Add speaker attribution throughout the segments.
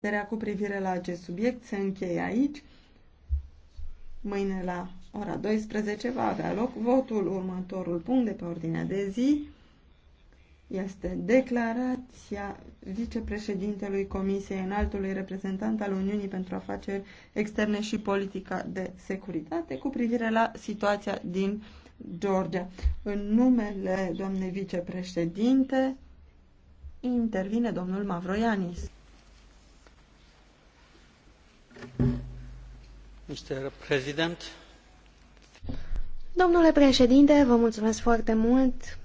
Speaker 1: Dezbaterea cu privire la acest subiect se încheie aici. Mâine la ora 12 va avea loc votul. Următorul punct de pe ordinea de zi este declarația vicepreședintelui Comisiei Înaltului Reprezentant al Uniunii pentru Afaceri Externe și Politica de Securitate cu privire la situația din Georgia. În numele doamnei vicepreședinte intervine domnul Mavroianis.
Speaker 2: Domnule președinte, vă mulțumesc foarte mult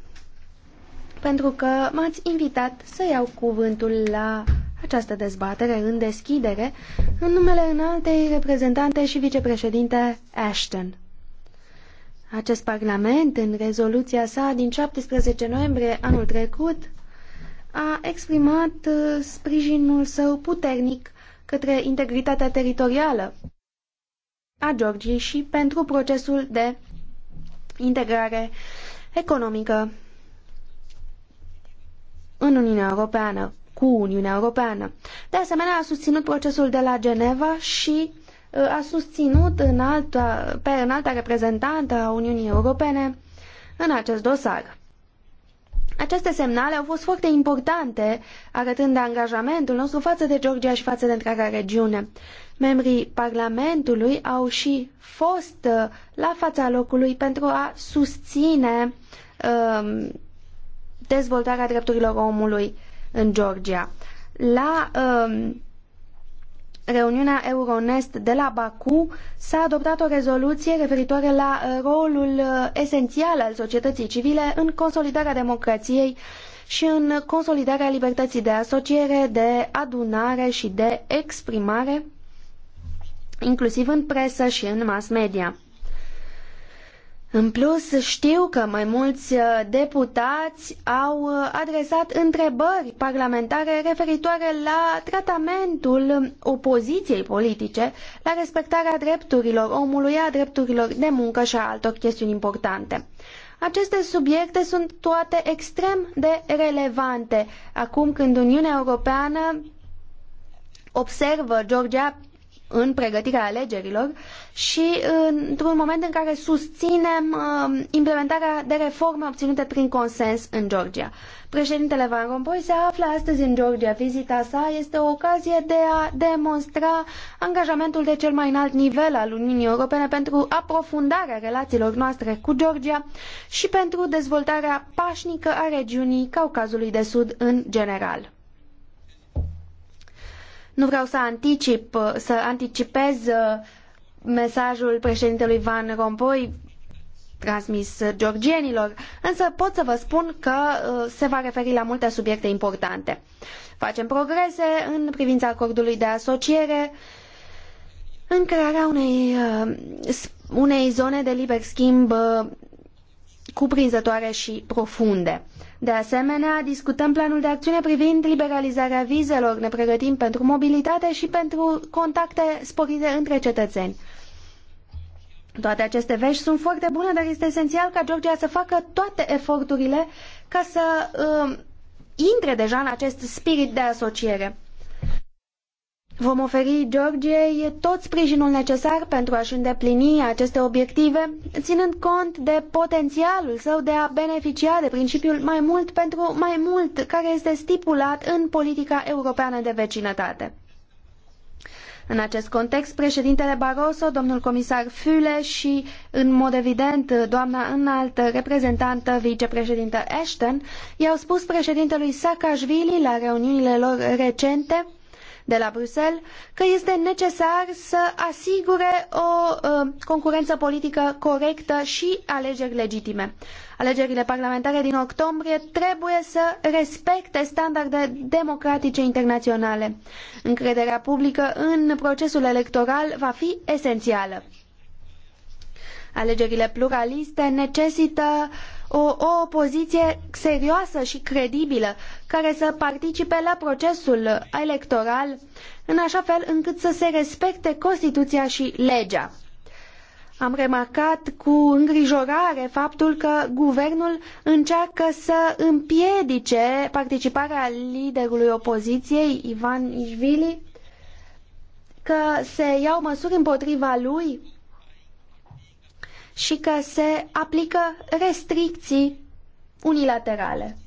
Speaker 2: pentru că m-ați invitat să iau cuvântul la această dezbatere în deschidere în numele înaltei reprezentante și vicepreședinte Ashton. Acest parlament, în rezoluția sa din 17 noiembrie anul trecut, a exprimat uh, sprijinul său puternic către integritatea teritorială a Georgiei și pentru procesul de integrare economică în Uniunea Europeană, cu Uniunea Europeană. De asemenea, a susținut procesul de la Geneva și uh, a susținut în alta, pe înalta reprezentantă a Uniunii Europene în acest dosar. Aceste semnale au fost foarte importante, arătând angajamentul nostru față de Georgia și față de întreaga regiune. Membrii Parlamentului au și fost uh, la fața locului pentru a susține um, dezvoltarea drepturilor omului în Georgia. La um, reuniunea Euronest de la Baku s-a adoptat o rezoluție referitoare la uh, rolul uh, esențial al societății civile în consolidarea democrației și în consolidarea libertății de asociere, de adunare și de exprimare, inclusiv în presă și în mass media. În plus, știu că mai mulți uh, deputați au uh, adresat întrebări parlamentare referitoare la tratamentul opoziției politice, la respectarea drepturilor omului, a drepturilor de muncă și a altor chestiuni importante. Aceste subiecte sunt toate extrem de relevante acum când Uniunea Europeană observă Georgia în pregătirea alegerilor și într-un moment în care susținem uh, implementarea de reforme obținute prin consens în Georgia. Președintele Van Rompuy se află astăzi în Georgia. Vizita sa este o ocazie de a demonstra angajamentul de cel mai înalt nivel al Uniunii Europene pentru aprofundarea relațiilor noastre cu Georgia și pentru dezvoltarea pașnică a regiunii Caucazului de Sud în general. Nu vreau să anticip, să anticipez uh, mesajul președintelui Van Rompuy transmis georgienilor, însă pot să vă spun că uh, se va referi la multe subiecte importante. Facem progrese în privința acordului de asociere, în crearea unei, uh, unei zone de liber schimb cuprinzătoare și profunde. De asemenea, discutăm planul de acțiune privind liberalizarea vizelor, ne pregătim pentru mobilitate și pentru contacte sporite între cetățeni. Toate aceste vești sunt foarte bune, dar este esențial ca Georgia să facă toate eforturile ca să uh, intre deja în acest spirit de asociere. Vom oferi Georgiei tot sprijinul necesar pentru a-și îndeplini aceste obiective, ținând cont de potențialul său de a beneficia de principiul mai mult pentru mai mult, care este stipulat în politica europeană de vecinătate. În acest context, președintele Barroso, domnul comisar Füle și, în mod evident, doamna înaltă reprezentantă, vicepreședintă Ashton, i-au spus președintelui Saakashvili la reuniunile lor recente de la Bruxelles că este necesar să asigure o uh, concurență politică corectă și alegeri legitime. Alegerile parlamentare din octombrie trebuie să respecte standarde democratice internaționale. Încrederea publică în procesul electoral va fi esențială. Alegerile pluraliste necesită uh, o, o opoziție serioasă și credibilă care să participe la procesul electoral în așa fel încât să se respecte Constituția și legea. Am remarcat cu îngrijorare faptul că guvernul încearcă să împiedice participarea liderului opoziției, Ivan Ișvili, că se iau măsuri împotriva lui și că se aplică restricții unilaterale.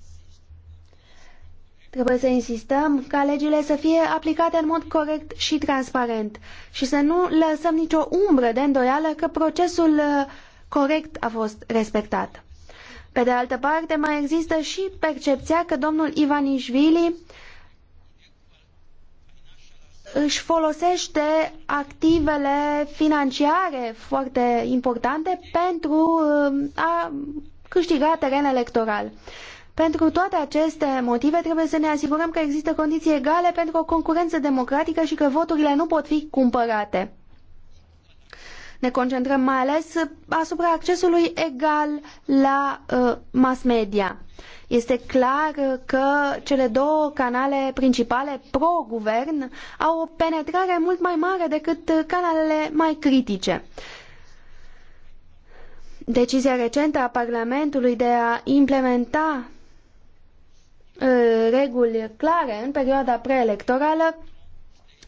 Speaker 2: Trebuie să insistăm ca legile să fie aplicate în mod corect și transparent și să nu lăsăm nicio umbră de îndoială că procesul uh, corect a fost respectat. Pe de altă parte, mai există și percepția că domnul Ivanișvili își folosește activele financiare foarte importante pentru uh, a câștiga teren electoral. Pentru toate aceste motive trebuie să ne asigurăm că există condiții egale pentru o concurență democratică și că voturile nu pot fi cumpărate. Ne concentrăm mai ales asupra accesului egal la uh, mass media. Uh, este clar că cele două canale principale pro-guvern au o penetrare mult mai mare decât canalele mai critice. Decizia recentă a Parlamentului de a implementa uh, reguli clare în perioada preelectorală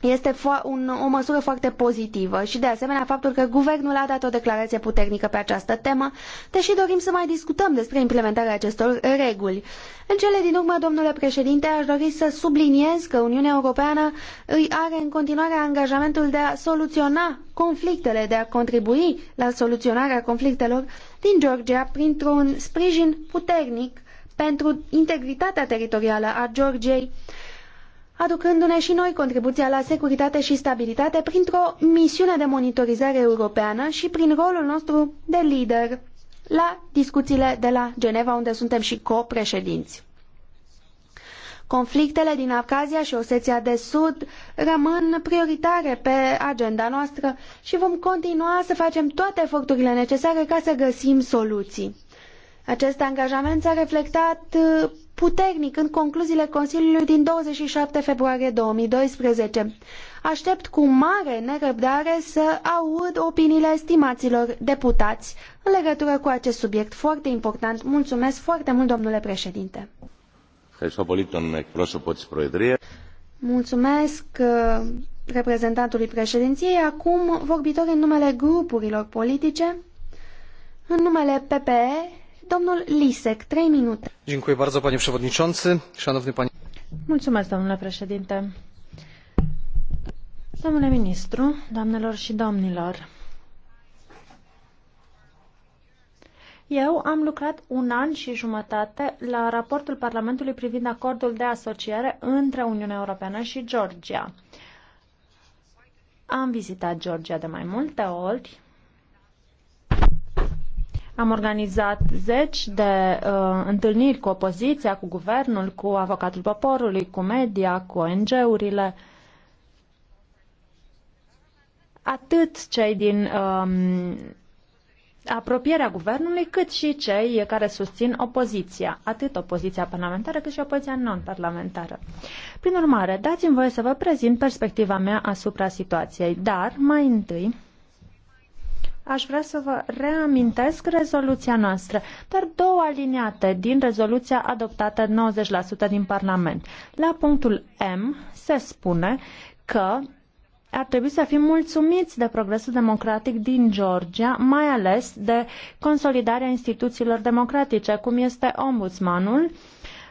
Speaker 2: este un, o măsură foarte pozitivă și de asemenea faptul că guvernul a dat o declarație puternică pe această temă, deși dorim să mai discutăm despre implementarea acestor reguli. În cele din urmă, domnule președinte, aș dori să subliniez că Uniunea Europeană îi are în continuare angajamentul de a soluționa conflictele, de a contribui la soluționarea conflictelor din Georgia printr-un sprijin puternic pentru integritatea teritorială a Georgiei, aducându-ne și noi contribuția la securitate și stabilitate printr-o misiune de monitorizare europeană și prin rolul nostru de lider la discuțiile de la Geneva, unde suntem și copreședinți. Conflictele din Abcazia și Oseția de Sud rămân prioritare pe agenda noastră și vom continua să facem toate eforturile necesare ca să găsim soluții. Acest angajament s-a reflectat puternic în concluziile Consiliului din 27 februarie 2012. Aștept cu mare nerăbdare să aud opiniile estimaților deputați în legătură cu acest subiect foarte important. Mulțumesc foarte mult, domnule președinte. Mulțumesc uh, reprezentantului președinției. Acum vorbitor în numele grupurilor politice, în numele PPE, Domnul Lisek, trei minute.
Speaker 3: Dziękuję bardzo, panie przewodniczący. Szanowny panie...
Speaker 2: Mulțumesc, domnule președinte.
Speaker 4: Domnule ministru, doamnelor și domnilor, Eu am lucrat un an și jumătate la raportul Parlamentului privind acordul de asociere între Uniunea Europeană și Georgia. Am vizitat Georgia de mai multe ori am organizat zeci de uh, întâlniri cu opoziția, cu guvernul, cu avocatul poporului, cu media, cu ONG-urile. Atât cei din um, apropierea guvernului, cât și cei care susțin opoziția, atât opoziția parlamentară cât și opoziția non-parlamentară. Prin urmare, dați-mi voie să vă prezint perspectiva mea asupra situației, dar mai întâi aș vrea să vă reamintesc rezoluția noastră, dar două aliniate din rezoluția adoptată 90% din Parlament. La punctul M se spune că ar trebui să fim mulțumiți de progresul democratic din Georgia, mai ales de consolidarea instituțiilor democratice, cum este ombudsmanul,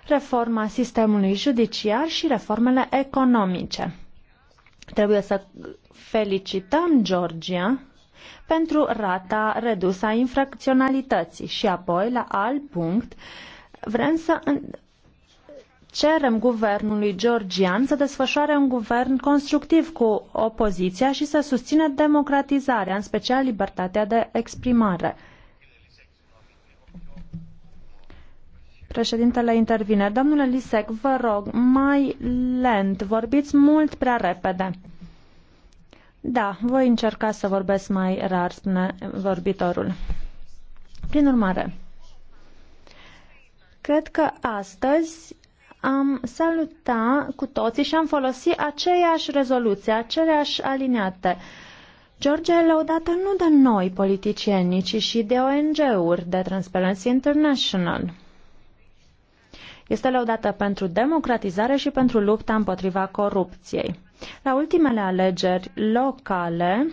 Speaker 4: reforma sistemului judiciar și reformele economice. Trebuie să felicităm Georgia pentru rata redusă a infracționalității. Și apoi, la alt punct, vrem să cerem guvernului georgian să desfășoare un guvern constructiv cu opoziția și să susțină democratizarea, în special libertatea de exprimare. Președintele intervine. Domnule Lisec, vă rog, mai lent, vorbiți mult prea repede. Da, voi încerca să vorbesc mai rar, spune vorbitorul. Prin urmare, cred că astăzi am salutat cu toții și am folosit aceeași rezoluție, aceleași aliniate. George e lăudată nu de noi, politicieni, ci și de ONG-uri, de Transparency International. Este lăudată pentru democratizare și pentru lupta împotriva corupției. La ultimele alegeri locale,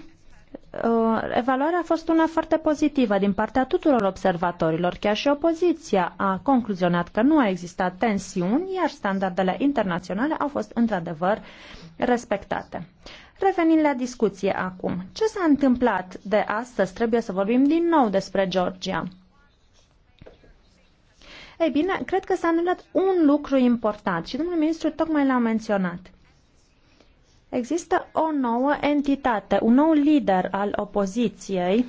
Speaker 4: uh, evaluarea a fost una foarte pozitivă din partea tuturor observatorilor. Chiar și opoziția a concluzionat că nu a existat tensiuni, iar standardele internaționale au fost într-adevăr respectate. Revenind la discuție acum, ce s-a întâmplat de astăzi? Trebuie să vorbim din nou despre Georgia. Ei bine, cred că s-a întâmplat un lucru important și domnul ministru tocmai l-a menționat. Există o nouă entitate, un nou lider al opoziției,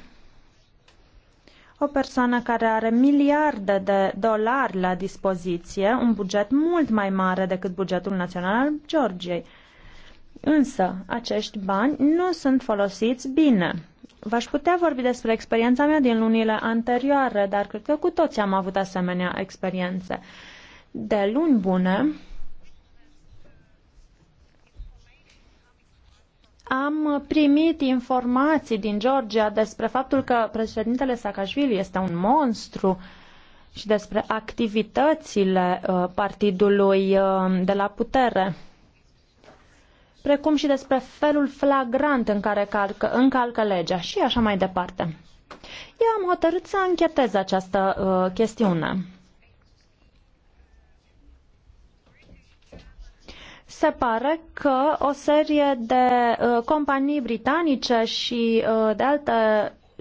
Speaker 4: o persoană care are miliarde de dolari la dispoziție, un buget mult mai mare decât bugetul național al Georgiei. Însă, acești bani nu sunt folosiți bine. V-aș putea vorbi despre experiența mea din lunile anterioare, dar cred că cu toți am avut asemenea experiențe. De luni bune, Am primit informații din Georgia despre faptul că președintele Saakashvili este un monstru și despre activitățile uh, partidului uh, de la putere, precum și despre felul flagrant în care calcă, încalcă legea și așa mai departe. Eu am hotărât să închetez această uh, chestiune. se pare că o serie de uh, companii britanice și uh, de alte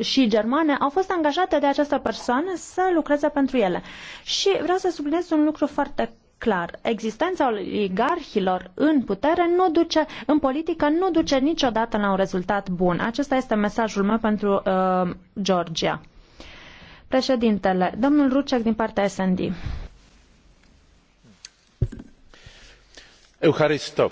Speaker 4: și germane au fost angajate de această persoană să lucreze pentru ele. Și vreau să subliniez un lucru foarte clar. Existența oligarhilor în putere nu duce, în politică nu duce niciodată la un rezultat bun. Acesta este mesajul meu pentru uh, Georgia. Președintele, domnul Rucec din partea SND.
Speaker 1: Uh,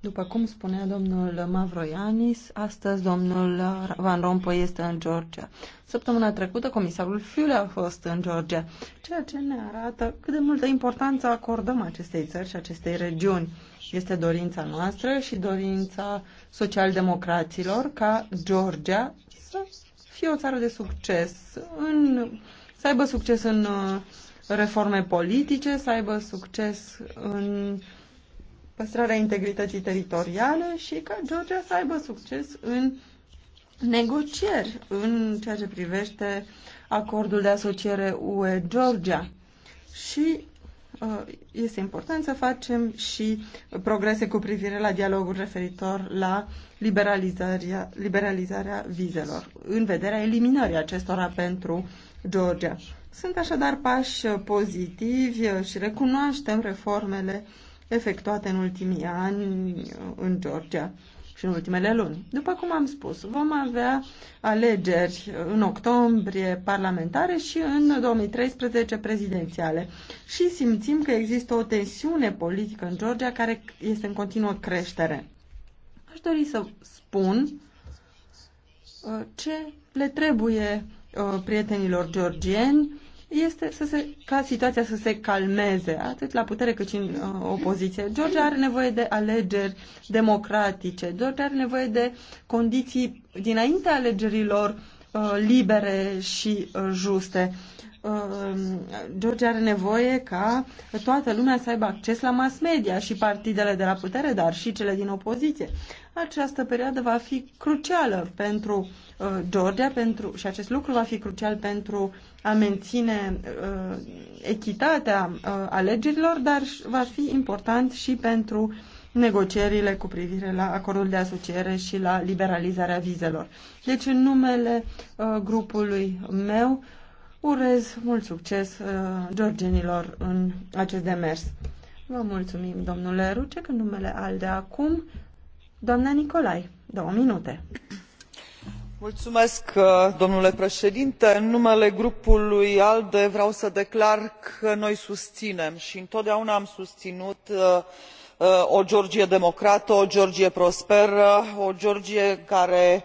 Speaker 1: După cum spunea domnul Mavroianis, astăzi domnul Van Rompuy este în Georgia. Săptămâna trecută comisarul fle a fost în Georgia, ceea ce ne arată cât de multă importanță acordăm acestei țări și acestei regiuni. Este dorința noastră și dorința socialdemocraților ca Georgia să fie o țară de succes, în, să aibă succes în uh, reforme politice, să aibă succes în păstrarea integrității teritoriale și ca Georgia să aibă succes în negocieri în ceea ce privește acordul de asociere UE-Georgia. Și uh, este important să facem și progrese cu privire la dialogul referitor la liberalizarea, liberalizarea vizelor, în vederea eliminării acestora pentru Georgia. Sunt așadar pași pozitivi și recunoaștem reformele efectuate în ultimii ani în Georgia și în ultimele luni. După cum am spus, vom avea alegeri în octombrie parlamentare și în 2013 prezidențiale. Și simțim că există o tensiune politică în Georgia care este în continuă creștere. Aș dori să spun uh, ce le trebuie Uh, prietenilor georgieni este să se, ca situația să se calmeze, atât la putere cât și în uh, opoziție. Georgia are nevoie de alegeri democratice, Georgia are nevoie de condiții dinainte alegerilor uh, libere și uh, juste. Uh, George are nevoie ca toată lumea să aibă acces la mass media și partidele de la putere, dar și cele din opoziție. Această perioadă va fi crucială pentru uh, Georgia pentru, și acest lucru va fi crucial pentru a menține uh, echitatea uh, alegerilor, dar va fi important și pentru negocierile cu privire la acordul de asociere și la liberalizarea vizelor. Deci, în numele uh, grupului meu, uh, Urez mult succes uh, georgenilor în acest demers. Vă mulțumim, domnule Ruce, că numele al de acum, doamna Nicolai, două
Speaker 3: minute. Mulțumesc, uh, domnule președinte. În numele grupului ALDE vreau să declar că noi susținem și întotdeauna am susținut uh, uh o georgie democrată o georgie prosperă o georgie care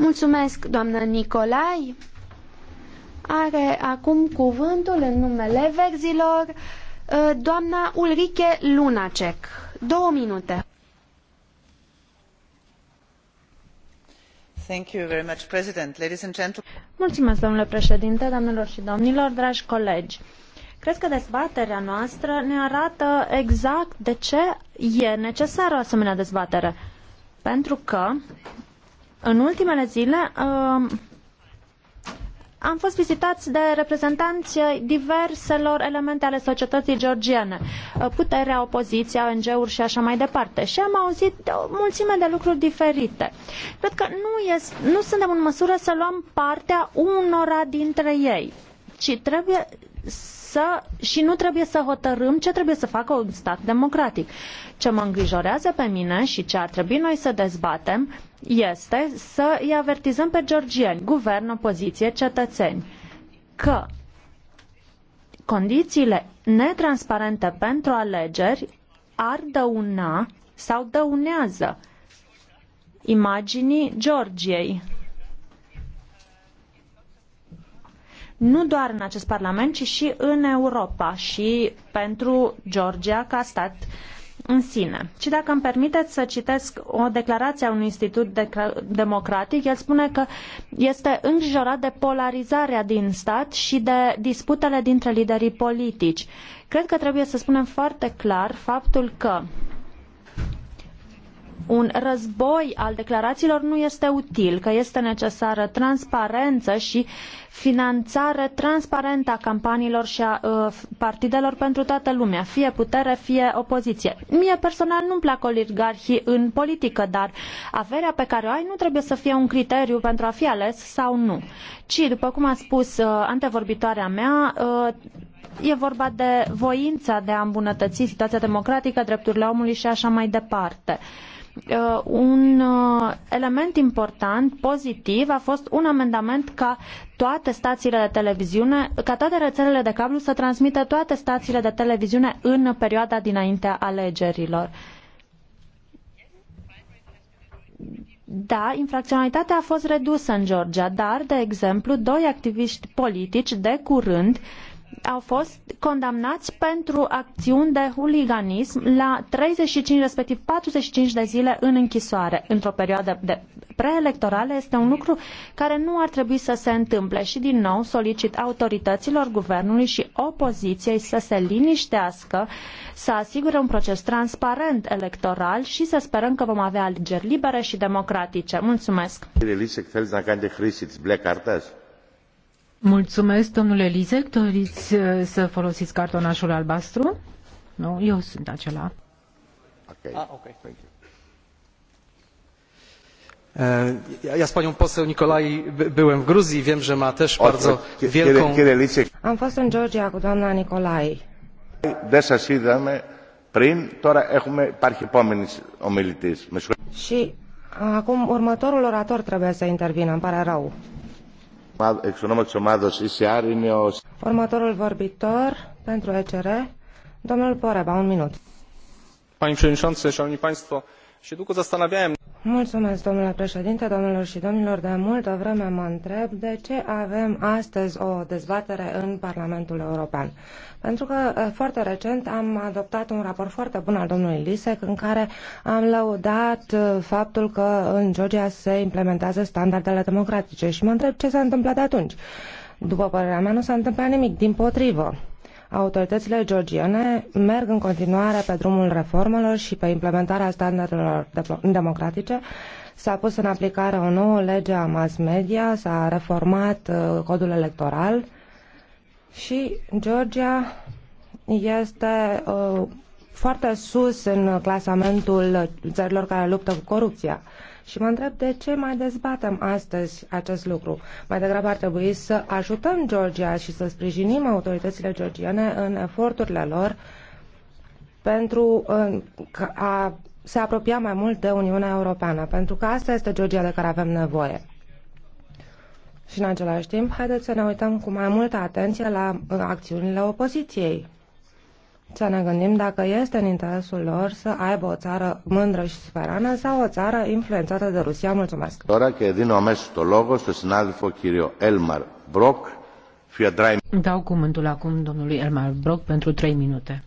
Speaker 2: Mulțumesc, doamnă Nicolai. Are acum cuvântul în numele verzilor uh, doamna Ulrike Lunacek. Două minute.
Speaker 4: Mulțumesc, domnule președinte, doamnelor și domnilor, dragi colegi. Cred că dezbaterea noastră ne arată exact de ce e necesară o asemenea dezbatere. Pentru că în ultimele zile um, am fost vizitați de reprezentanți diverselor elemente ale societății georgiene, uh, puterea, opoziția, ONG-uri și așa mai departe. Și am auzit o mulțime de lucruri diferite. Cred că nu, este, nu suntem în măsură să luăm partea unora dintre ei, ci trebuie să, și nu trebuie să hotărâm ce trebuie să facă un stat democratic. Ce mă îngrijorează pe mine și ce ar trebui noi să dezbatem este să îi avertizăm pe georgieni, guvern, opoziție, cetățeni, că condițiile netransparente pentru alegeri ar dăuna sau dăunează imaginii Georgiei. Nu doar în acest Parlament, ci și în Europa și pentru Georgia ca stat uh, în sine. Și dacă îmi permiteți să citesc o declarație a unui institut de democratic, el spune că este îngrijorat de polarizarea din stat și de disputele dintre liderii politici. Cred că trebuie să spunem foarte clar faptul că un război al declarațiilor nu este util, că este necesară transparență și finanțare transparentă a campaniilor și a uh, partidelor pentru toată lumea, fie putere, fie opoziție. Mie personal nu-mi plac oligarhii în politică, dar averea pe care o ai nu trebuie să fie un criteriu pentru a fi ales sau nu, ci, după cum a spus uh, antevorbitoarea mea, uh, E vorba de voința de a îmbunătăți situația democratică, drepturile omului și așa mai departe. Uh, Uh, un uh, element important, pozitiv, a fost un amendament ca toate stațiile de televiziune, ca toate rețelele de cablu să transmită toate stațiile de televiziune în perioada dinaintea alegerilor. Da, infracționalitatea a fost redusă în Georgia, dar, de exemplu, doi activiști politici de curând uh, au fost condamnați pentru acțiuni de huliganism la 35, respectiv 45 de zile în închisoare. Într-o perioadă de preelectorală este un lucru care nu ar trebui să se întâmple și din nou solicit autorităților guvernului și opoziției să se liniștească, să asigure un proces transparent electoral și să sperăm că vom avea alegeri libere și democratice. Mulțumesc!
Speaker 5: Mulțumesc, domnule Lizec. Doriți uh, să folosiți cartonașul albastru? Nu, eu sunt acela.
Speaker 3: Ok, Ah, okay. Thank you. Uh, ja z panią poseł Nikolai byłem w Gruzji, wiem, że ma też bardzo wielką...
Speaker 6: Am fost în Georgia cu doamna Nicolai. Δεν σας είδαμε πριν, τώρα έχουμε, υπάρχει επόμενης ομιλητής. Și acum următorul orator trebuie să intervină, îmi pare rău. Următorul vorbitor pentru ECR, domnul Poreba, un minut. Pani Przewodniczący, Szanowni Państwo,
Speaker 5: się długo zastanawiałem
Speaker 6: Mulțumesc, domnule președinte, domnilor și domnilor. De multă vreme mă întreb de ce avem astăzi o dezbatere în Parlamentul European. Pentru că eh, foarte recent am adoptat un raport foarte bun al domnului Lisek în care am lăudat eh, faptul că în Georgia se implementează standardele democratice și mă întreb ce s-a întâmplat atunci. După părerea mea, nu s-a întâmplat nimic, din potrivă Autoritățile georgiene merg în continuare pe drumul reformelor și pe implementarea standardelor democratice. S-a pus în aplicare o nouă lege a mass media, s-a reformat uh, codul electoral și Georgia este uh, foarte sus în clasamentul țărilor care luptă cu corupția. Și mă întreb de ce mai dezbatem astăzi acest lucru. Mai degrabă ar trebui să ajutăm Georgia și să sprijinim autoritățile georgiene în eforturile lor pentru a se apropia mai mult de Uniunea Europeană, pentru că asta este Georgia de care avem nevoie. Și în același timp, haideți să ne uităm cu mai multă atenție la acțiunile opoziției să ne gândim dacă este în interesul lor să aibă o țară mândră și suverană sau o țară influențată de Rusia. Mulțumesc. Dau cuvântul acum domnului Elmar
Speaker 5: Brock pentru 3 minute.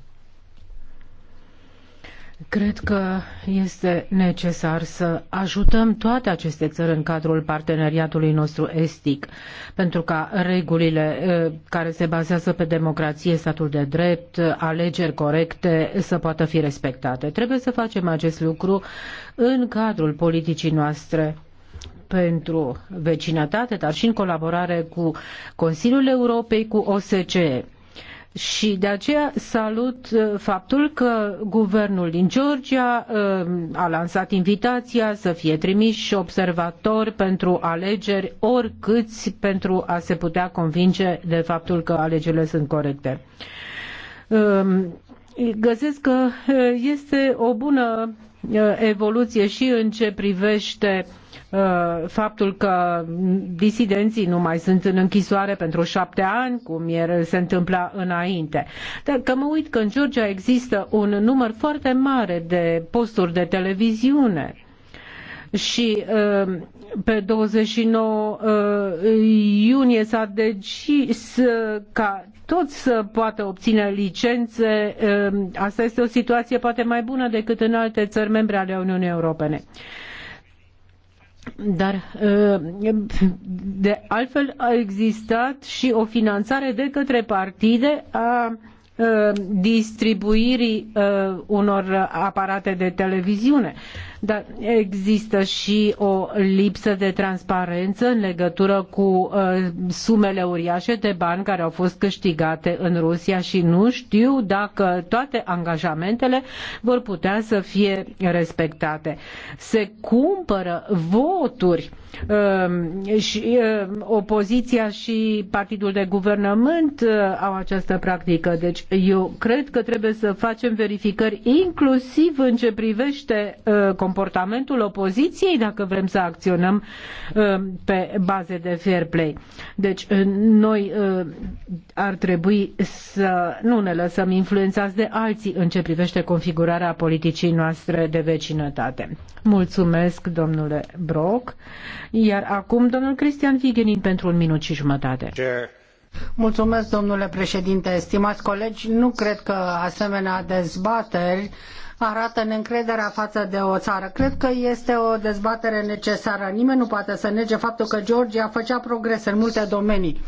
Speaker 5: Cred că este necesar să ajutăm toate aceste țări în cadrul parteneriatului nostru estic, pentru ca regulile eh, care se bazează pe democrație, statul de drept, alegeri corecte să poată fi respectate. Trebuie să facem acest lucru în cadrul politicii noastre pentru vecinătate, dar și în colaborare cu Consiliul Europei, cu OSCE. Și de aceea salut uh, faptul că guvernul din Georgia uh, a lansat invitația să fie trimiși observatori pentru alegeri oricâți pentru a se putea convinge de faptul că alegerile sunt corecte. Um, găsesc că uh, este o bună evoluție și în ce privește uh, Uh, faptul că disidenții nu mai sunt în închisoare pentru șapte ani, cum se întâmpla înainte. Dar că mă uit că în Georgia există un număr foarte mare de posturi de televiziune și uh, pe 29 uh, iunie s-a decis ca toți să poată obține licențe. Asta este o situație poate mai bună decât în alte țări membre ale Uniunii Europene. Dar, uh, de altfel, a existat și o finanțare de către partide a uh, distribuirii uh, unor aparate de televiziune dar există și o lipsă de transparență în legătură cu uh, sumele uriașe de bani care au fost câștigate în Rusia și nu știu dacă toate angajamentele vor putea să fie respectate. Se cumpără voturi Um, și uh, opoziția și partidul de guvernământ uh, au această practică. Deci eu cred că trebuie să facem verificări inclusiv în ce privește uh, comportamentul opoziției dacă vrem să acționăm pe baze de fair play. Deci noi ar trebui să nu ne lăsăm influențați de alții în ce privește configurarea politicii noastre de vecinătate. Mulțumesc, domnule Brock. Iar acum, domnul Cristian Vigenin, pentru un minut și jumătate.
Speaker 7: Mulțumesc, domnule președinte. Stimați colegi, nu cred că asemenea dezbateri arată neîncrederea față de o țară. Cred că este o dezbatere necesară. Nimeni nu poate să nege faptul că Georgia făcea progrese în multe domenii.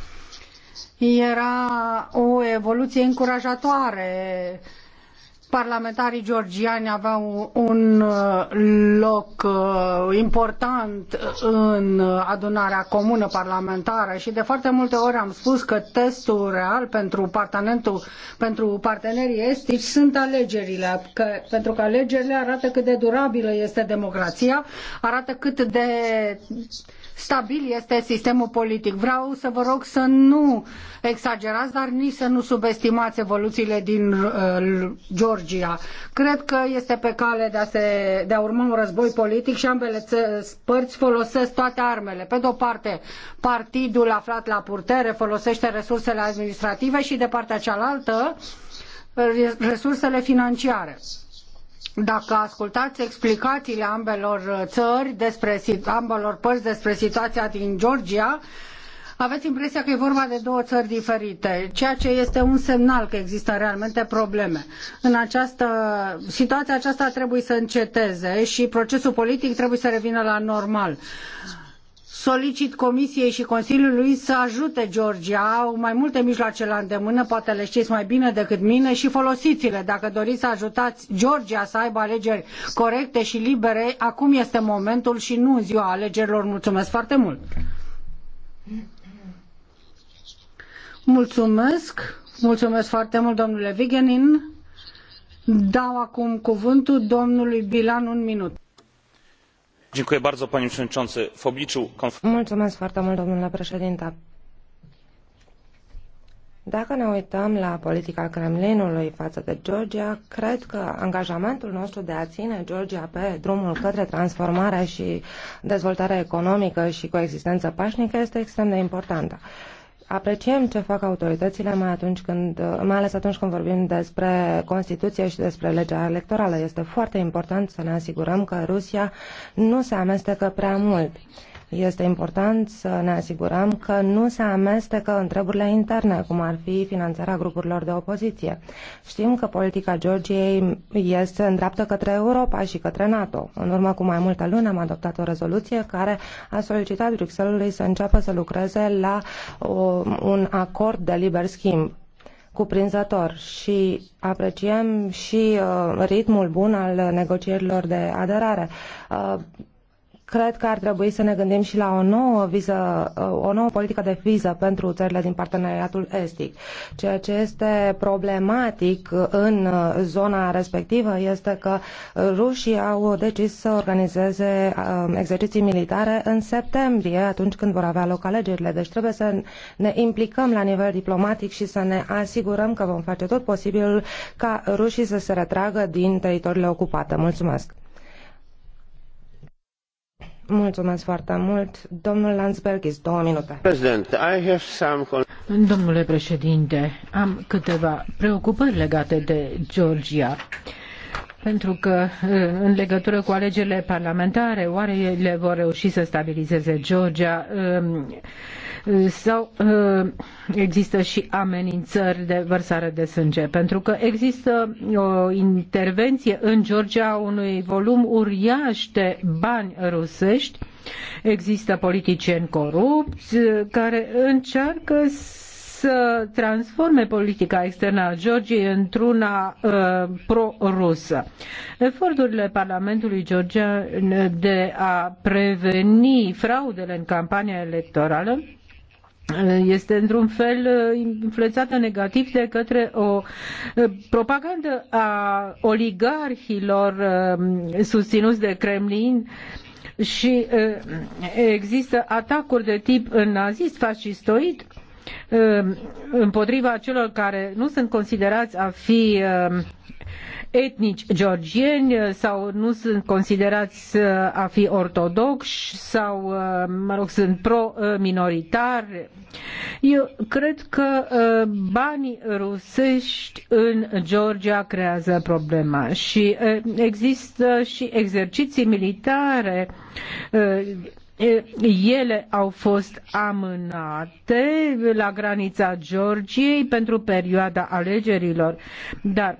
Speaker 7: Era o evoluție încurajatoare parlamentarii georgiani aveau un uh, loc uh, important în adunarea comună parlamentară și de foarte multe ori am spus că testul real pentru, pentru partenerii estici sunt alegerile, că, pentru că alegerile arată cât de durabilă este democrația, arată cât de stabil este sistemul politic. Vreau să vă rog să nu exagerați, dar nici să nu subestimați evoluțiile din uh, Georgia. Cred că este pe cale de a, se, de a urma un război politic și ambele părți folosesc toate armele. Pe de o parte, partidul aflat la putere folosește resursele administrative și de partea cealaltă uh, resursele financiare. Dacă ascultați explicațiile ambelor țări, despre, ambelor părți despre situația din Georgia, aveți impresia că e vorba de două țări diferite, ceea ce este un semnal că există realmente probleme. În această situație aceasta trebuie să înceteze și procesul politic trebuie să revină la normal solicit Comisiei și Consiliului să ajute Georgia. Au mai multe mijloace la îndemână, poate le știți mai bine decât mine și folosiți-le. Dacă doriți să ajutați Georgia să aibă alegeri corecte și libere, acum este momentul și nu în ziua alegerilor. Mulțumesc foarte mult! Mulțumesc! Mulțumesc foarte mult, domnule Vigenin! Dau acum cuvântul domnului Bilan un minut.
Speaker 6: Mulțumesc foarte mult, președinte. Dacă ne uităm la politica Kremlinului față de Georgia, cred că angajamentul nostru de a ține Georgia pe drumul către transformare și dezvoltare economică și coexistență pașnică este extrem de importantă. Apreciem ce fac autoritățile, mai, atunci când, mai ales atunci când vorbim despre Constituție și despre legea electorală. Este foarte important să ne asigurăm că Rusia nu se amestecă prea mult. Uh, este important să ne asigurăm că nu se amestecă întrebările interne, cum ar fi finanțarea grupurilor de opoziție. Știm că politica Georgiei este îndreaptă către Europa și către NATO. În urmă cu mai multe luni am adoptat o rezoluție care a solicitat Bruxellesului să înceapă să lucreze la o, un acord de liber schimb cuprinzător și apreciem și uh, ritmul bun al negocierilor de aderare. Uh, Cred că ar trebui să ne gândim și la o nouă, viză, o nouă politică de viză pentru țările din parteneriatul estic. Ceea ce este problematic în zona respectivă este că rușii au decis să organizeze um, exerciții militare în septembrie, atunci când vor avea loc alegerile. Deci trebuie să ne implicăm la nivel diplomatic și să ne asigurăm că vom face tot posibilul ca rușii să se retragă din teritoriile ocupate. Mulțumesc! Mulțumesc foarte mult. Domnul este două minute. Some... Domnule președinte, am câteva preocupări
Speaker 5: legate de Georgia. Uh, pentru că în legătură cu alegerile parlamentare, oare ele vor reuși să stabilizeze Georgia sau există și amenințări de vărsare de sânge? Pentru că există o intervenție în Georgia unui volum uriaș de bani rusești, există politicieni corupți care încearcă să să transforme politica externă a Georgiei într-una uh, pro-rusă. Eforturile Parlamentului georgian de a preveni fraudele în campania electorală uh, este într-un fel uh, influențată negativ de către o uh, propagandă a oligarhilor susținuți de Kremlin și există atacuri de tip nazist, fascistoid Ehm, împotriva celor care nu sunt considerați a fi ehm, etnici georgieni eh, sau nu sunt considerați eh, a fi ortodoxi sau, ehm, mă rog, sunt pro-minoritari. Eu cred că eh, banii rusești în Georgia creează problema și există și exerciții militare ele au fost amânate la granița Georgiei pentru perioada alegerilor, dar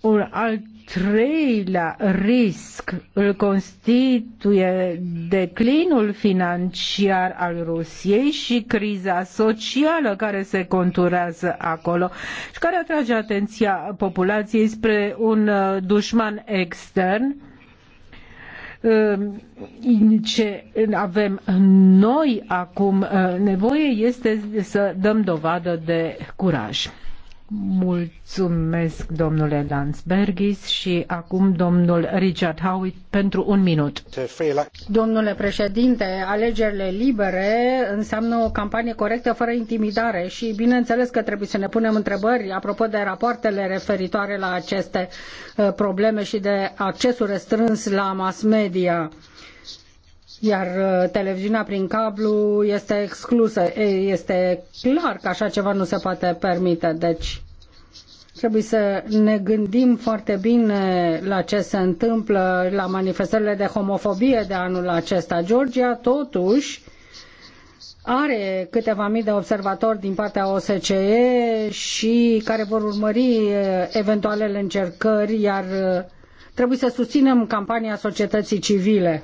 Speaker 5: un alt treilea risc îl constituie declinul financiar al Rusiei și criza socială care se conturează acolo și care atrage atenția populației spre un uh, dușman extern Ehm, ce avem noi acum eh, nevoie este să dăm dovadă de curaj. Mulțumesc, domnule Landsbergis, și acum domnul Richard Howitt pentru un minut.
Speaker 7: Domnule președinte, alegerile libere înseamnă o campanie corectă fără intimidare și bineînțeles că trebuie să ne punem întrebări apropo de rapoartele referitoare la aceste uh, probleme și de accesul restrâns la mass media iar uh, televiziunea prin cablu este exclusă. Este clar că așa ceva nu se poate permite, deci trebuie să ne gândim foarte bine la ce se întâmplă la manifestările de homofobie de anul acesta. Georgia, totuși, are câteva mii de observatori din partea OSCE și care vor urmări uh, eventualele încercări, iar uh, trebuie să susținem campania societății civile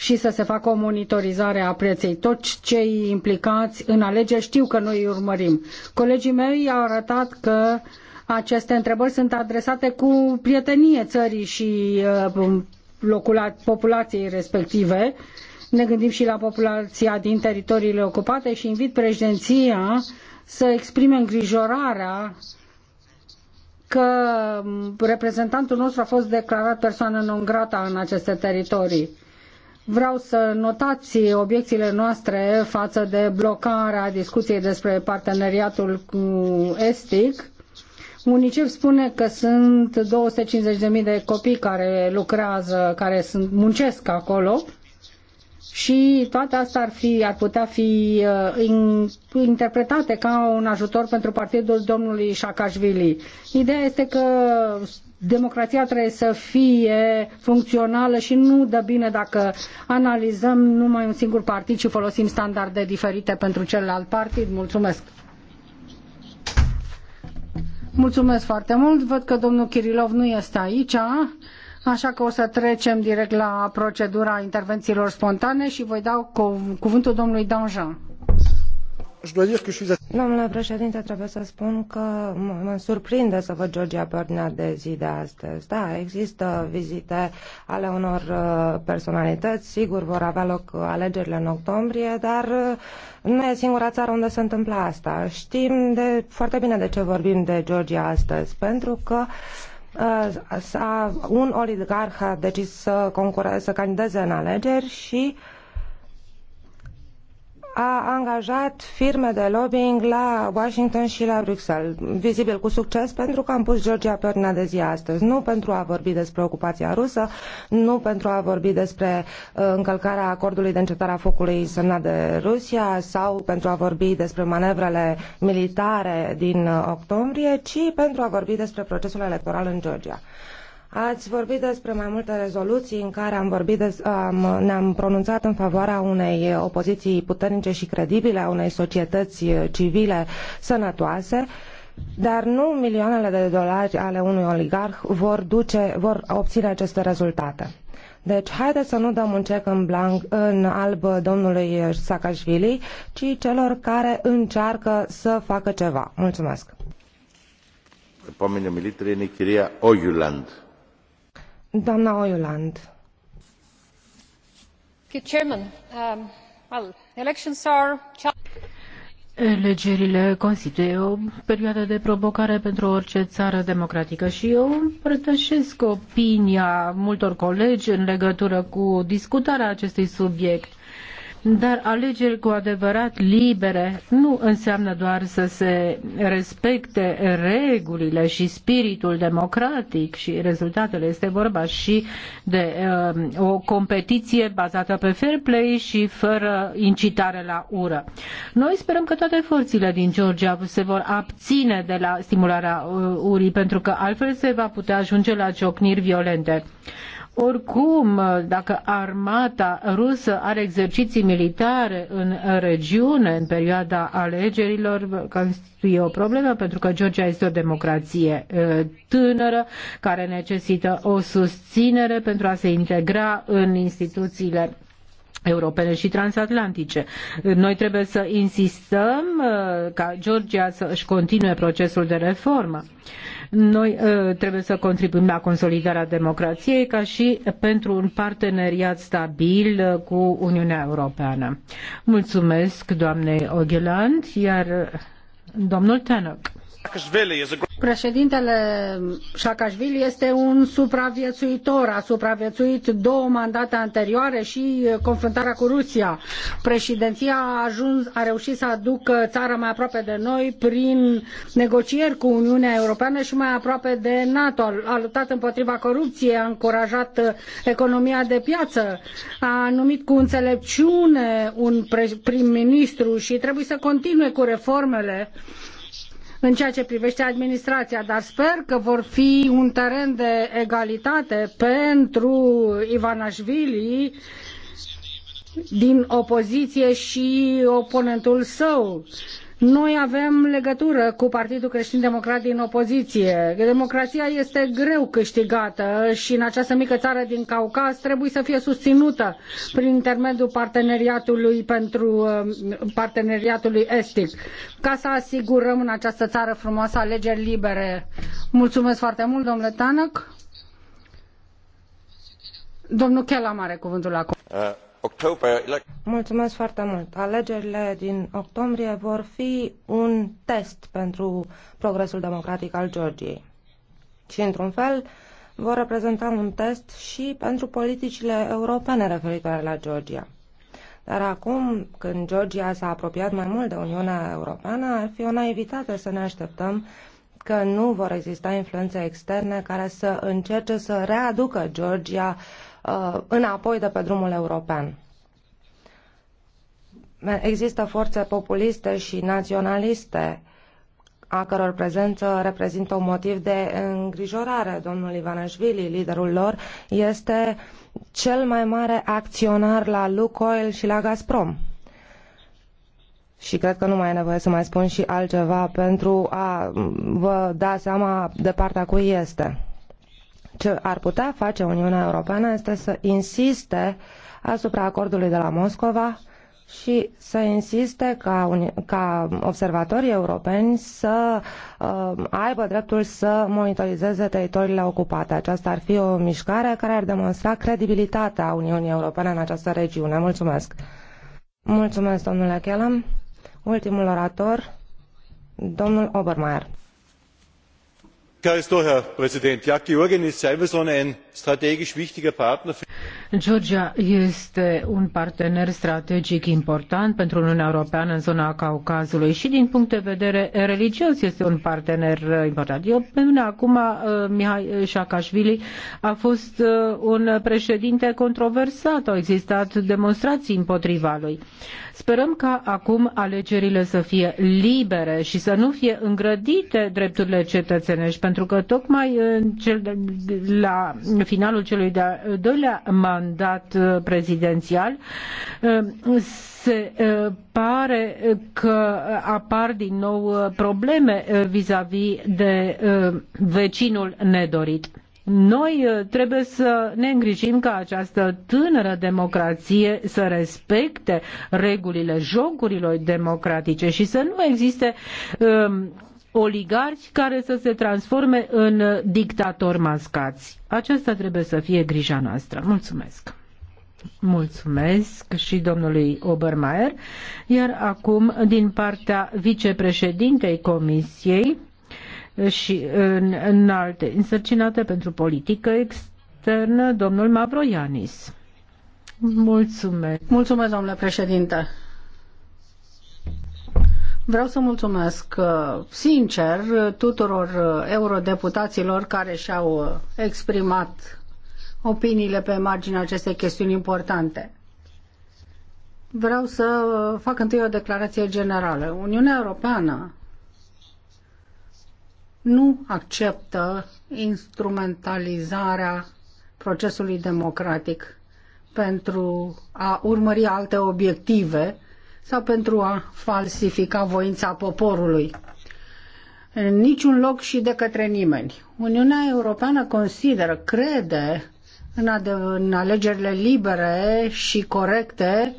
Speaker 7: și să se facă o monitorizare a preței. Toți cei implicați în alegeri știu că noi îi urmărim. Colegii mei au arătat că aceste întrebări sunt adresate cu prietenie țării și uh, populației respective. Ne gândim și la populația din teritoriile ocupate și invit președinția să exprime îngrijorarea că um, reprezentantul nostru a fost declarat persoană non grata în aceste teritorii. Vreau să notați obiecțiile noastre față de blocarea discuției despre parteneriatul estic. UNICEF spune că sunt 250.000 de copii care lucrează, care sunt, muncesc acolo și toate astea ar, fi, ar putea fi uh, in, interpretate ca un ajutor pentru partidul domnului Shakashvili. Ideea este că democrația trebuie să fie funcțională și nu dă bine dacă analizăm numai un singur partid și folosim standarde diferite pentru celălalt partid. Mulțumesc! Mulțumesc foarte mult. Văd că domnul Kirilov nu este aici, așa că o să trecem direct la procedura intervențiilor spontane și voi da cuvântul domnului Danjean.
Speaker 6: Domnule președinte, trebuie să spun că mă surprinde să văd Georgia pe de zi de astăzi. Da, există vizite ale unor uh, personalități, sigur vor avea loc alegerile în octombrie, dar uh, nu e singura țară unde se întâmplă asta. Știm de, foarte bine de ce vorbim de Georgia astăzi, pentru că uh, un oligarh a decis să, concure, să candideze în alegeri și uh, a angajat firme de lobbying la Washington și la Bruxelles, vizibil cu succes pentru că am pus Georgia pe ordinea de zi astăzi, nu pentru a vorbi despre ocupația rusă, nu pentru a vorbi despre uh, încălcarea acordului de încetare a focului semnat de Rusia sau pentru a vorbi despre manevrele militare din uh, octombrie, ci pentru a vorbi despre procesul electoral în Georgia. Ați vorbit despre mai multe rezoluții în care am vorbit de, am, ne-am pronunțat în favoarea unei opoziții puternice și credibile, a unei societăți uh, civile sănătoase. Dar nu milioanele de dolari ale unui oligarh vor, duce, vor obține aceste rezultate. Deci, haideți să nu dăm un cec în, blanc, în alb domnului Sakashvili, ci celor care încearcă să facă ceva. Mulțumesc! Επόμενη ομιλήτρια είναι η κυρία Όγιουλαντ. Doamna Oiuland.
Speaker 7: Um,
Speaker 5: Elegerile constituie o perioadă de provocare pentru orice țară democratică și eu împărtășesc opinia multor colegi în legătură cu discutarea acestui subiect dar alegeri cu adevărat libere nu înseamnă doar să se respecte regulile și spiritul democratic și rezultatele. Este vorba și de uh, o competiție bazată pe fair play și fără incitare la ură. Noi sperăm că toate forțile din Georgia se vor abține de la stimularea uh, urii, pentru că altfel se va putea ajunge la ciocniri violente. Oricum, dacă armata rusă are exerciții militare în regiune în perioada alegerilor, constituie o problemă pentru că Georgia este o democrație tânără care necesită o susținere pentru a se integra în instituțiile europene și transatlantice. Noi trebuie să insistăm ca Georgia să și continue procesul de reformă. Noi uh, trebuie să contribuim la consolidarea democrației ca și pentru un parteneriat stabil uh, cu Uniunea Europeană. Mulțumesc doamnei
Speaker 7: Ogheland, iar uh, domnul Tanăc. Președintele Saakashvili este un supraviețuitor, a supraviețuit două mandate anterioare și uh, confruntarea cu Rusia. Președinția a, ajuns, a reușit să aducă țara mai aproape de noi prin negocieri cu Uniunea Europeană și mai aproape de NATO. A luptat împotriva corupției, a încurajat uh, economia de piață, a numit cu înțelepciune un prim-ministru și trebuie să continue cu reformele în ceea ce privește administrația, dar sper că vor fi un teren de egalitate pentru Ivanashvili din opoziție și oponentul său. Noi avem legătură cu Partidul Creștin Democrat din opoziție. Democrația este greu câștigată și în această mică țară din Caucaz trebuie să fie susținută prin intermediul parteneriatului pentru um, parteneriatului estic, ca să asigurăm în această țară frumoasă alegeri libere. Mulțumesc foarte mult, domnule Tanăc. Domnul
Speaker 6: Chela are cuvântul acum. Uh. Mulțumesc foarte mult. Alegerile din octombrie vor fi un test pentru progresul democratic al Georgiei. Și, într-un fel, vor reprezenta un test și pentru politicile europene referitoare la Georgia. Dar acum, când Georgia s-a apropiat mai mult de Uniunea Europeană, ar fi o naivitate să ne așteptăm că nu vor exista influențe externe care să încerce să readucă Georgia Uh, înapoi de pe drumul european. Există forțe populiste și naționaliste a căror prezență reprezintă un motiv de îngrijorare. Domnul Ivanășvili, liderul lor, este cel mai mare acționar la Lukoil și la Gazprom. Și cred că nu mai e nevoie să mai spun și altceva pentru a vă da seama de partea cui este. Ce ar putea face Uniunea Europeană este să insiste asupra acordului de la Moscova și să insiste ca, ca observatorii europeni să uh, aibă dreptul să monitorizeze teritoriile ocupate. Aceasta ar fi o mișcare care ar demonstra credibilitatea Uniunii Europene în această regiune. Mulțumesc! Mulțumesc, domnule Kellam. Ultimul orator, domnul Obermeier
Speaker 5: herr präsident! georgien ist zweifelsohne ein strategisch wichtiger Partner. Georgia este un partener strategic important pentru Uniunea Europeană în zona Caucazului și din punct de vedere religios este un partener uh, important. Eu până acum uh, Mihai Șacașvili a fost uh, un președinte controversat, au existat demonstrații împotriva lui. Sperăm ca acum alegerile să fie libere și să nu fie îngrădite drepturile cetățenești, pentru că tocmai cel de la finalul celui de-al doilea mandat uh, prezidențial, uh, se uh, pare că apar din nou probleme vis-a-vis -vis de vecinul nedorit. Noi trebuie să ne îngrijim ca această tânără democrație să respecte regulile jocurilor democratice și să nu existe um, oligarhi care să se transforme în dictatori mascați. Aceasta trebuie să fie grija noastră. Mulțumesc! Mulțumesc și domnului Obermaier. Iar acum, din partea vicepreședintei Comisiei și în alte însărcinate pentru politică externă, domnul Mavroianis.
Speaker 7: Mulțumesc. Mulțumesc, domnule președinte. Vreau să mulțumesc uh, sincer tuturor uh, eurodeputaților care și-au uh, exprimat opiniile pe marginea acestei chestiuni importante. Vreau să fac întâi o declarație generală. Uniunea Europeană nu acceptă instrumentalizarea procesului democratic pentru a urmări alte obiective sau pentru a falsifica voința poporului. În niciun loc și de către nimeni. Uniunea Europeană consideră, crede în, în alegerile libere și corecte,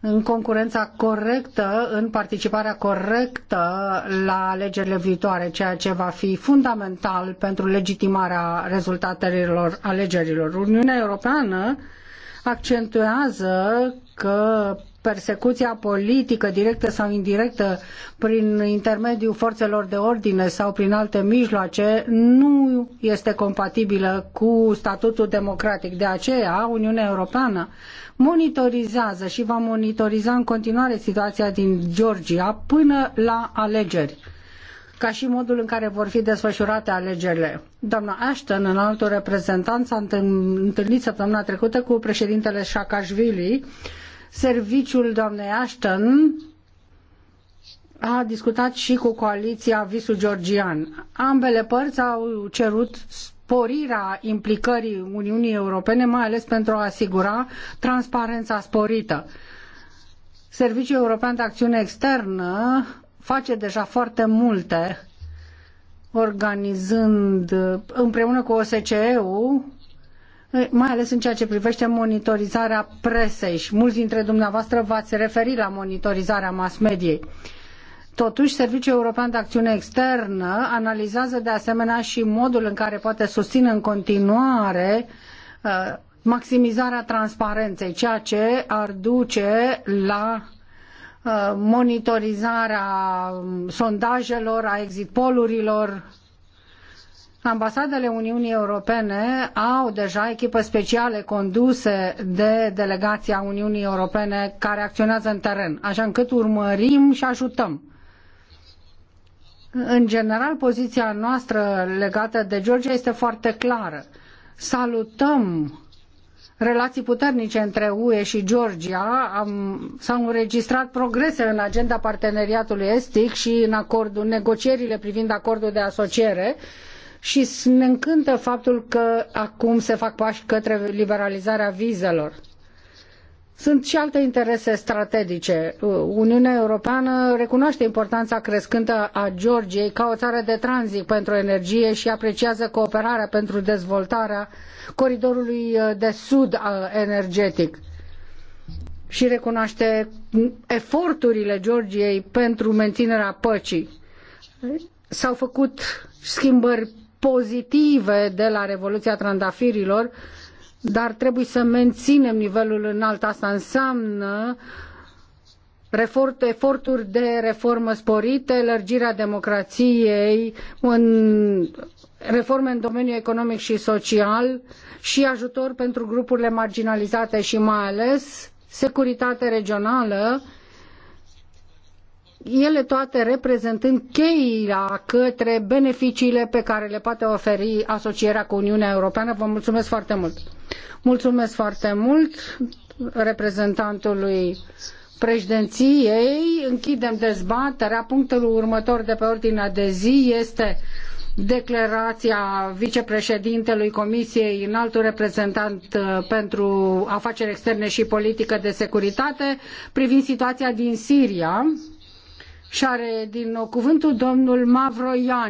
Speaker 7: în concurența corectă, în participarea corectă la alegerile viitoare, ceea ce va fi fundamental pentru legitimarea rezultatelor alegerilor. Uniunea Europeană accentuează că persecuția politică, directă sau indirectă, prin intermediul forțelor de ordine sau prin alte mijloace, nu este compatibilă cu statutul democratic. De aceea, Uniunea Europeană monitorizează și va monitoriza în continuare situația din Georgia până la alegeri ca și modul în care vor fi desfășurate alegerile. Doamna Ashton, în altul reprezentant, s-a întâlnit săptămâna trecută cu președintele Saakashvili Serviciul doamnei Ashton a discutat și cu coaliția Visul Georgian. Ambele părți au cerut sporirea implicării Uniunii Europene, mai ales pentru a asigura transparența sporită. Serviciul European de Acțiune Externă face deja foarte multe organizând împreună cu OSCE-ul mai ales în ceea ce privește monitorizarea presei și mulți dintre dumneavoastră v-ați referit la monitorizarea mass mediei. Totuși, Serviciul European de Acțiune Externă analizează de asemenea și modul în care poate susține în continuare uh, maximizarea transparenței, ceea ce ar duce la uh, monitorizarea um, sondajelor, a exit polurilor Ambasadele Uniunii Europene au deja echipe speciale conduse de delegația Uniunii Europene care acționează în teren, așa încât urmărim și ajutăm. În general, poziția noastră legată de Georgia este foarte clară. Salutăm relații puternice între UE și Georgia. Am, s-au înregistrat progrese în agenda parteneriatului estic și în acordul, negocierile privind acordul de asociere. Uh, și ne încântă faptul că acum se fac pași către liberalizarea vizelor. Sunt și alte interese strategice. Uniunea Europeană recunoaște importanța crescândă a Georgiei ca o țară de tranzit pentru energie și apreciază cooperarea pentru dezvoltarea coridorului uh, de sud uh, energetic și recunoaște eforturile Georgiei pentru menținerea păcii. S-au făcut schimbări pozitive de la Revoluția Trandafirilor, dar trebuie să menținem nivelul înalt. Asta înseamnă Refort, eforturi de reformă sporite, lărgirea democrației, în reforme în domeniul economic și social și ajutor pentru grupurile marginalizate și mai ales securitate regională ele toate reprezentând cheia către beneficiile pe care le poate oferi asocierea cu Uniunea Europeană. Vă mulțumesc foarte mult! Mulțumesc foarte mult reprezentantului președinției. Închidem dezbaterea. Punctul următor de pe ordinea de zi este declarația vicepreședintelui Comisiei, înaltul reprezentant uh, pentru afaceri externe și politică de securitate, privind situația din Siria. Și are din nou cuvântul domnul Mavroian.